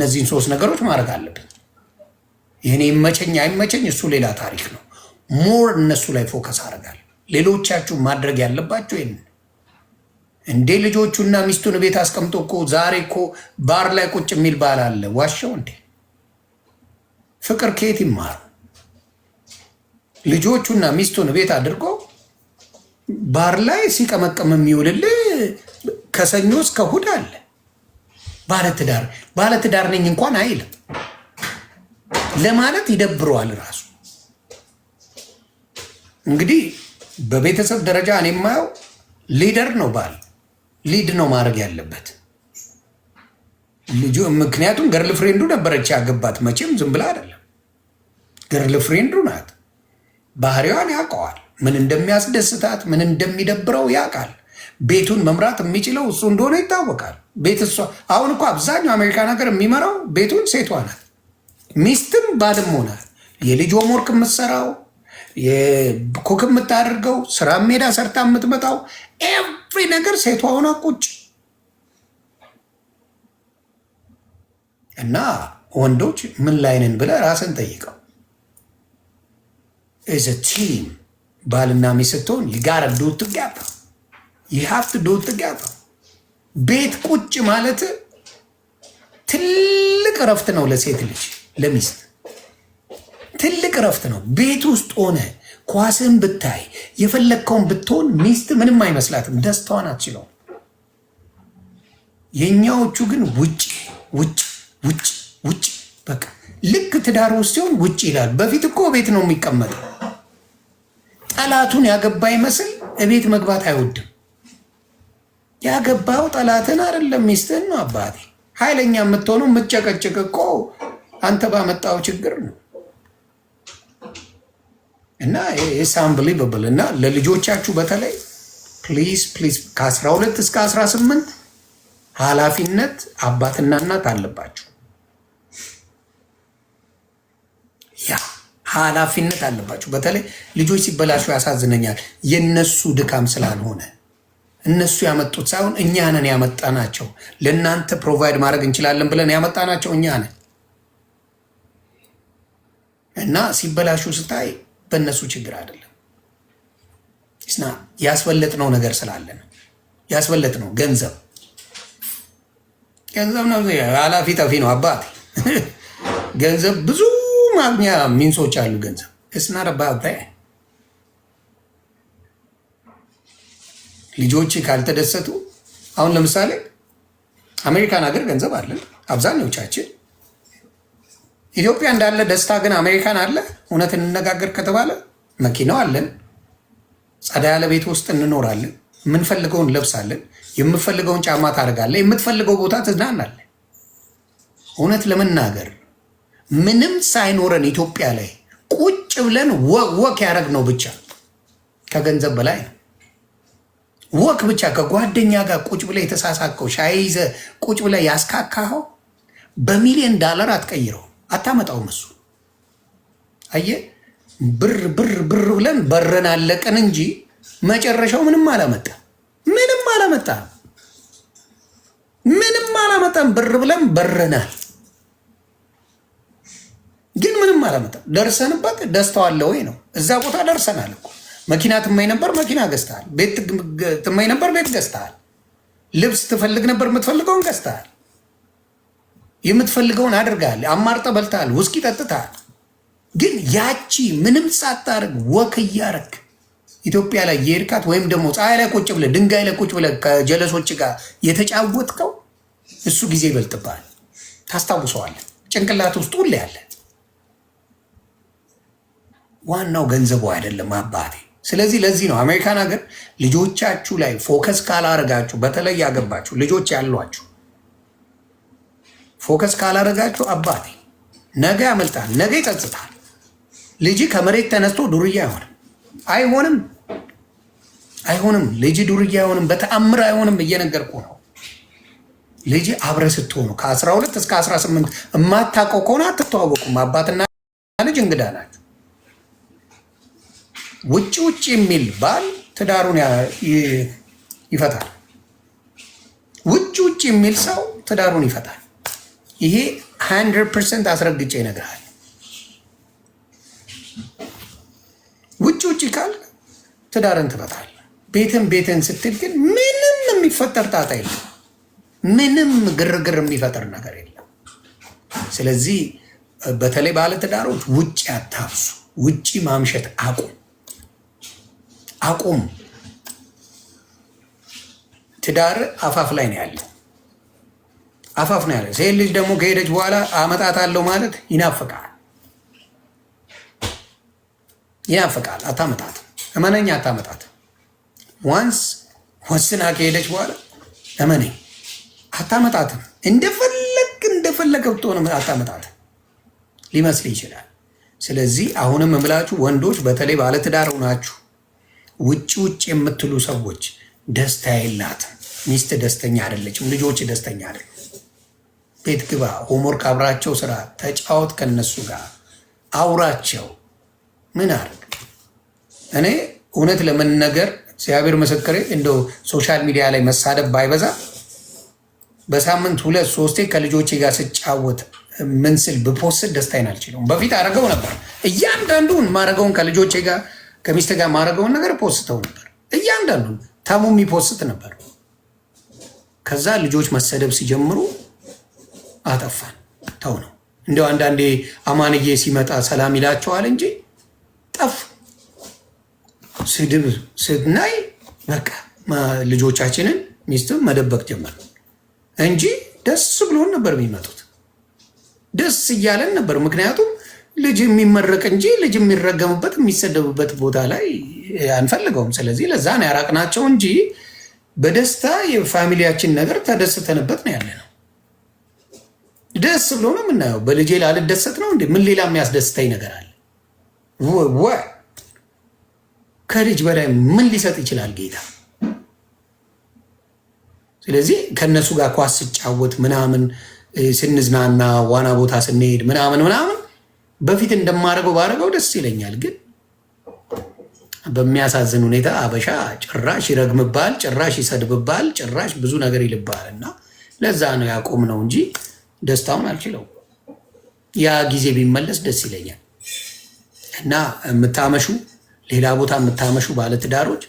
እነዚህን ሶስት ነገሮች ማድረግ አለብኝ። ይህኔ ይመቸኝ አይመቸኝ እሱ ሌላ ታሪክ ነው። ሞር እነሱ ላይ ፎከስ አደርጋለሁ። ሌሎቻችሁ ማድረግ ያለባችሁ ይህን እንዴ ልጆቹና ሚስቱን ቤት አስቀምጦ እኮ ዛሬ እኮ ባር ላይ ቁጭ የሚል ባል አለ። ዋሻው እንዴ ፍቅር ከየት ይማሩ? ልጆቹና ሚስቱን ቤት አድርጎ ባር ላይ ሲቀመቀም የሚውልል ከሰኞ እስከ እሑድ አለ። ባለትዳር ባለትዳር ነኝ እንኳን አይልም። ለማለት ይደብረዋል ራሱ። እንግዲህ በቤተሰብ ደረጃ እኔ የማየው ሊደር ነው ባል ሊድ ነው ማድረግ ያለበት ልጁ። ምክንያቱም ገርል ፍሬንዱ ነበረች ያገባት፣ መቼም ዝም ብላ አይደለም። ገርል ፍሬንዱ ናት። ባህሪዋን ያውቀዋል። ምን እንደሚያስደስታት ምን እንደሚደብረው ያውቃል። ቤቱን መምራት የሚችለው እሱ እንደሆነ ይታወቃል። ቤት እሷ አሁን እኮ አብዛኛው አሜሪካ ነገር የሚመራው ቤቱን ሴቷ ናት። ሚስትም ባልም ሆናል። የልጅ ሆምወርክ የምትሰራው ኩክ የምታደርገው ስራ ሜዳ ሰርታ የምትመጣው ኤቭሪ ነገር ሴቷ ሆና ቁጭ እና ወንዶች ምን ላይ ነን ብለህ ራስን ጠይቀው። ኢዝ ቲም ባልና ሚስት ስትሆን ጋር ዱ you have to do together ቤት ቁጭ ማለት ትልቅ እረፍት ነው ለሴት ልጅ ለሚስት ትልቅ እረፍት ነው። ቤት ውስጥ ሆነ ኳስን ብታይ የፈለግከውን ብትሆን ሚስት ምንም አይመስላትም፣ ደስታዋን አትችለውም። የእኛዎቹ ግን ውጭ ውጭ ውጭ ውጭ በቃ ልክ ትዳር ውስጥ ሲሆን ውጭ ይላል። በፊት እኮ ቤት ነው የሚቀመጠው። ጠላቱን ያገባ ይመስል እቤት መግባት አይወድም። ያገባው ጠላትን አይደለም ሚስትን ነው። አባቴ ኃይለኛ የምትሆኑ የምትጨቀጭቅ እኮ አንተ ባመጣው ችግር ነው። እና ኢትስ እና ለልጆቻችሁ በተለይ ፕሊዝ ፕሊዝ ከ12 እስከ 18 ኃላፊነት አባትና እናት አለባችሁ። ያ ኃላፊነት አለባችሁ። በተለይ ልጆች ሲበላሹ ያሳዝነኛል የነሱ ድካም ስላልሆነ እነሱ ያመጡት ሳይሆን እኛ ነን ናቸው። ለእናንተ ፕሮቫይድ ማድረግ እንችላለን ብለን ያመጣናቸው እኛ ነን እና ሲበላሹ ስታይ በእነሱ ችግር አይደለም። ስና ያስበለጥነው ነገር ስላለን ያስበለጥነው ገንዘብ ገንዘብ ነው። ኃላፊ ጠፊ ነው አባት ገንዘብ ብዙ ማግኛ ሚንሶች አሉ። ገንዘብ እስና ረባ ልጆች ካልተደሰቱ አሁን ለምሳሌ አሜሪካን ሀገር ገንዘብ አለን አብዛኞቻችን። ኢትዮጵያ እንዳለ ደስታ ግን አሜሪካን አለ። እውነት እንነጋገር ከተባለ መኪናው አለን፣ ጸዳ ያለ ቤት ውስጥ እንኖራለን፣ የምንፈልገውን እንለብሳለን፣ የምፈልገውን ጫማ ታደርጋለህ፣ የምትፈልገው ቦታ ትዝናናለህ። እውነት ለመናገር ምንም ሳይኖረን ኢትዮጵያ ላይ ቁጭ ብለን ወክ ነው ብቻ ከገንዘብ በላይ ነው። ወቅ ብቻ ከጓደኛ ጋር ቁጭ ብለህ የተሳሳከው ሻይ ይዘህ ቁጭ ብለህ ያስካካኸው በሚሊዮን ዳላር አትቀይረው፣ አታመጣውም። እሱ አየህ፣ ብር ብር ብር ብለን በረን አለቅን እንጂ መጨረሻው ምንም አላመጣ ምንም አላመጣ ምንም አላመጣም። ብር ብለን በረናል፣ ግን ምንም አላመጣም። ደርሰንበት ደስተዋለ ወይ ነው። እዛ ቦታ ደርሰናል እኮ መኪና ትመኝ ነበር፣ መኪና ገዝተሃል። ቤት ትመኝ ነበር፣ ቤት ገዝተሃል። ልብስ ትፈልግ ነበር፣ የምትፈልገውን ገዝተሃል። የምትፈልገውን አድርገሃል። አማርጠ በልተሃል፣ ውስኪ ጠጥተሃል። ግን ያቺ ምንም ሳታርግ ወክ እያረግ ኢትዮጵያ ላይ የሄድካት ወይም ደግሞ ፀሐይ ላይ ቁጭ ብለህ ድንጋይ ላይ ቁጭ ብለህ ከጀለሶች ጋር የተጫወትከው እሱ ጊዜ ይበልጥብሃል። ታስታውሰዋለህ። ጭንቅላት ውስጥ ሁሌ ያለ ዋናው ገንዘቡ አይደለም አባቴ ስለዚህ ለዚህ ነው አሜሪካን ሀገር ልጆቻችሁ ላይ ፎከስ ካላረጋችሁ፣ በተለይ ያገባችሁ ልጆች ያሏችሁ ፎከስ ካላረጋችሁ፣ አባቴ ነገ ያመልጣል፣ ነገ ይጸጽታል። ልጅ ከመሬት ተነስቶ ዱርዬ አይሆንም፣ አይሆንም፣ አይሆንም። ልጅ ዱርዬ አይሆንም፣ በተአምር አይሆንም። እየነገርኩ ነው። ልጅ አብረ ስትሆኑ ከ12 እስከ 18 የማታውቀው ከሆነ አትተዋወቁም። አባትና ልጅ እንግዳ ናቸው። ውጭ ውጭ የሚል ባል ትዳሩን ይፈታል። ውጭ ውጭ የሚል ሰው ትዳሩን ይፈታል። ይሄ 100 ፐርሰንት አስረግጬ ይነግርሃል። ውጭ ውጭ ካል ትዳርን ትፈታል። ቤትን ቤትን ስትል ግን ምንም የሚፈጠር ጣጣ የለም። ምንም ግርግር የሚፈጠር ነገር የለም። ስለዚህ በተለይ ባለትዳሮች ውጭ አታብሱ፣ ውጭ ማምሸት አቁም። አቁም። ትዳር አፋፍ ላይ ነው ያለ፣ አፋፍ ነው ያለ። ሴት ልጅ ደግሞ ከሄደች በኋላ አመጣት አለው ማለት ይናፍቃል፣ ይናፍቃል። አታመጣት፣ እመነኝ፣ አታመጣት። ዋንስ ወስና ከሄደች በኋላ እመነኝ፣ አታመጣትም። እንደፈለግ እንደፈለገ ብትሆንም አታመጣት ሊመስል ይችላል። ስለዚህ አሁንም እምላችሁ ወንዶች፣ በተለይ ባለትዳር ናችሁ ውጭ ውጭ የምትሉ ሰዎች ደስታ የላትም። ሚስት ደስተኛ አይደለችም። ልጆች ደስተኛ አይደለም። ቤት ግባ፣ ሆምወርክ አብራቸው ስራ፣ ተጫወት፣ ከነሱ ጋር አውራቸው። ምን አድርግ። እኔ እውነት ለመነገር እግዚአብሔር ምስክሬ፣ እንደ ሶሻል ሚዲያ ላይ መሳደብ ባይበዛ በሳምንት ሁለት ሶስቴ ከልጆቼ ጋር ስጫወት ምን ስል ብፖስት ደስታዬን አልችለውም። በፊት አረገው ነበር። እያንዳንዱን ማረገውን ከልጆቼ ጋር ከሚስት ጋር ማድረገውን ነገር ፖስተው ነበር። እያንዳንዱ ታሙ የሚፖስት ነበር። ከዛ ልጆች መሰደብ ሲጀምሩ አጠፋን። ተው ነው እንደው አንዳንዴ አማንዬ ሲመጣ ሰላም ይላቸዋል እንጂ ጠፍ ስድብ ስናይ በቃ ልጆቻችንን ሚስትም መደበቅ ጀመር እንጂ ደስ ብሎን ነበር የሚመጡት። ደስ እያለን ነበር። ምክንያቱም ልጅ የሚመረቅ እንጂ ልጅ የሚረገምበት የሚሰደብበት ቦታ ላይ አንፈልገውም። ስለዚህ ለዛ ነው ያራቅናቸው እንጂ በደስታ የፋሚሊያችን ነገር ተደስተንበት ነው ያለ ነው። ደስ ብሎ ነው የምናየው። በልጄ ላልደሰት ነው እንዴ? ምን ሌላ የሚያስደስተኝ ነገር አለ? ከልጅ በላይ ምን ሊሰጥ ይችላል ጌታ? ስለዚህ ከእነሱ ጋር ኳስ ስጫወት ምናምን ስንዝናና ዋና ቦታ ስንሄድ ምናምን ምናምን በፊት እንደማደርገው ባደርገው ደስ ይለኛል፣ ግን በሚያሳዝን ሁኔታ አበሻ ጭራሽ ይረግምባል፣ ጭራሽ ይሰድብባል፣ ጭራሽ ብዙ ነገር ይልባል። እና ለዛ ነው ያቆም ነው እንጂ ደስታውን አልችለው። ያ ጊዜ ቢመለስ ደስ ይለኛል። እና የምታመሹ ሌላ ቦታ የምታመሹ ባለትዳሮች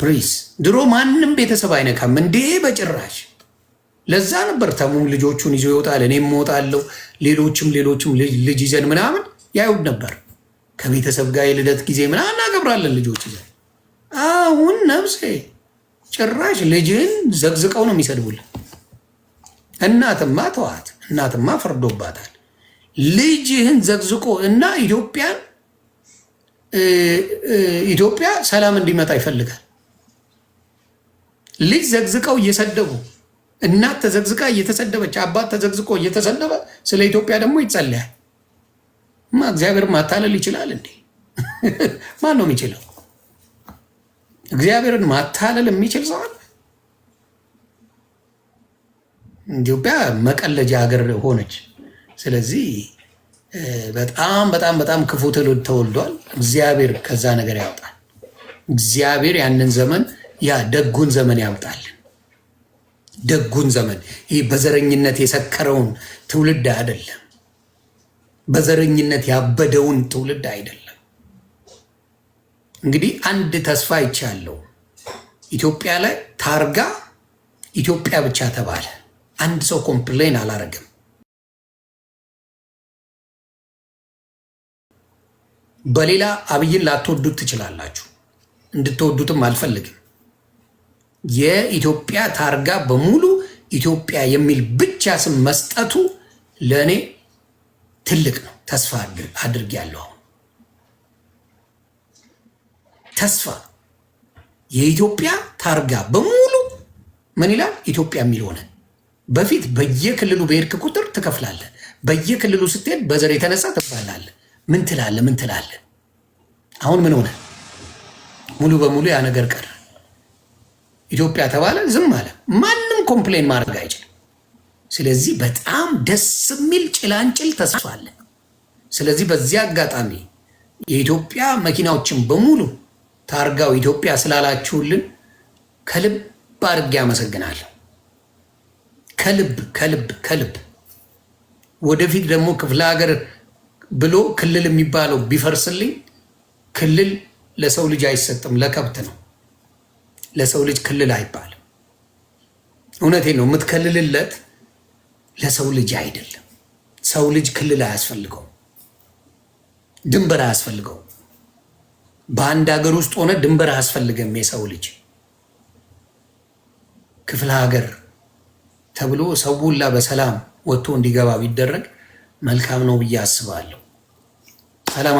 ፕሪስ ድሮ ማንም ቤተሰብ አይነካም እንዴ በጭራሽ ለዛ ነበር ተሙም ልጆቹን ይዞ ይወጣል፣ እኔም እወጣለሁ፣ ሌሎችም ሌሎችም ልጅ ይዘን ምናምን ያዩድ ነበር። ከቤተሰብ ጋር የልደት ጊዜ ምናምን እናገብራለን ልጆች ይዘን። አሁን ነፍሴ ጭራሽ ልጅን ዘቅዝቀው ነው የሚሰድቡልን። እናትማ ተዋት፣ እናትማ ፈርዶባታል። ልጅህን ዘቅዝቆ እና ኢትዮጵያን ኢትዮጵያ ሰላም እንዲመጣ ይፈልጋል ልጅ ዘቅዝቀው እየሰደቡ እናት ተዘግዝቃ እየተሰደበች አባት ተዘግዝቆ እየተሰደበ ስለ ኢትዮጵያ ደግሞ ይጸለያል። ማ እግዚአብሔር ማታለል ይችላል እንዴ? ማን ነው የሚችለው? እግዚአብሔርን ማታለል የሚችል ሰው አለ? ኢትዮጵያ መቀለጃ ሀገር ሆነች። ስለዚህ በጣም በጣም በጣም ክፉ ትውልድ ተወልዷል። እግዚአብሔር ከዛ ነገር ያውጣል። እግዚአብሔር ያንን ዘመን ያ ደጉን ዘመን ያውጣል። ደጉን ዘመን ይህ በዘረኝነት የሰከረውን ትውልድ አይደለም። በዘረኝነት ያበደውን ትውልድ አይደለም። እንግዲህ አንድ ተስፋ ይቻለው ኢትዮጵያ ላይ ታርጋ ኢትዮጵያ ብቻ ተባለ። አንድ ሰው ኮምፕሌን አላረግም። በሌላ አብይን ላትወዱት ትችላላችሁ። እንድትወዱትም አልፈልግም። የኢትዮጵያ ታርጋ በሙሉ ኢትዮጵያ የሚል ብቻ ስም መስጠቱ ለእኔ ትልቅ ነው። ተስፋ አድርግ ያለው ተስፋ የኢትዮጵያ ታርጋ በሙሉ ምን ይላል? ኢትዮጵያ የሚል ሆነ። በፊት በየክልሉ በሄድክ ቁጥር ትከፍላለህ። በየክልሉ ስትሄድ በዘር የተነሳ ትባላለህ። ምን ትላለህ? ምን ትላለህ? አሁን ምን ሆነ? ሙሉ በሙሉ ያ ነገር ቀረ። ኢትዮጵያ ተባለ፣ ዝም አለ። ማንም ኮምፕሌን ማድረግ አይችልም። ስለዚህ በጣም ደስ የሚል ጭላንጭል ተሳሷለ። ስለዚህ በዚህ አጋጣሚ የኢትዮጵያ መኪናዎችን በሙሉ ታርጋው ኢትዮጵያ ስላላችሁልን ከልብ አድርጌ አመሰግናለሁ። ከልብ ከልብ ከልብ። ወደፊት ደግሞ ክፍለ ሀገር ብሎ ክልል የሚባለው ቢፈርስልኝ ክልል ለሰው ልጅ አይሰጥም፣ ለከብት ነው። ለሰው ልጅ ክልል አይባልም። እውነቴ ነው። የምትከልልለት ለሰው ልጅ አይደለም። ሰው ልጅ ክልል አያስፈልገው፣ ድንበር አያስፈልገው። በአንድ ሀገር ውስጥ ሆነ ድንበር አያስፈልገም። የሰው ልጅ ክፍለ ሀገር ተብሎ ሰው ሁላ በሰላም ወጥቶ እንዲገባ ቢደረግ መልካም ነው ብዬ አስባለሁ። ሰላማ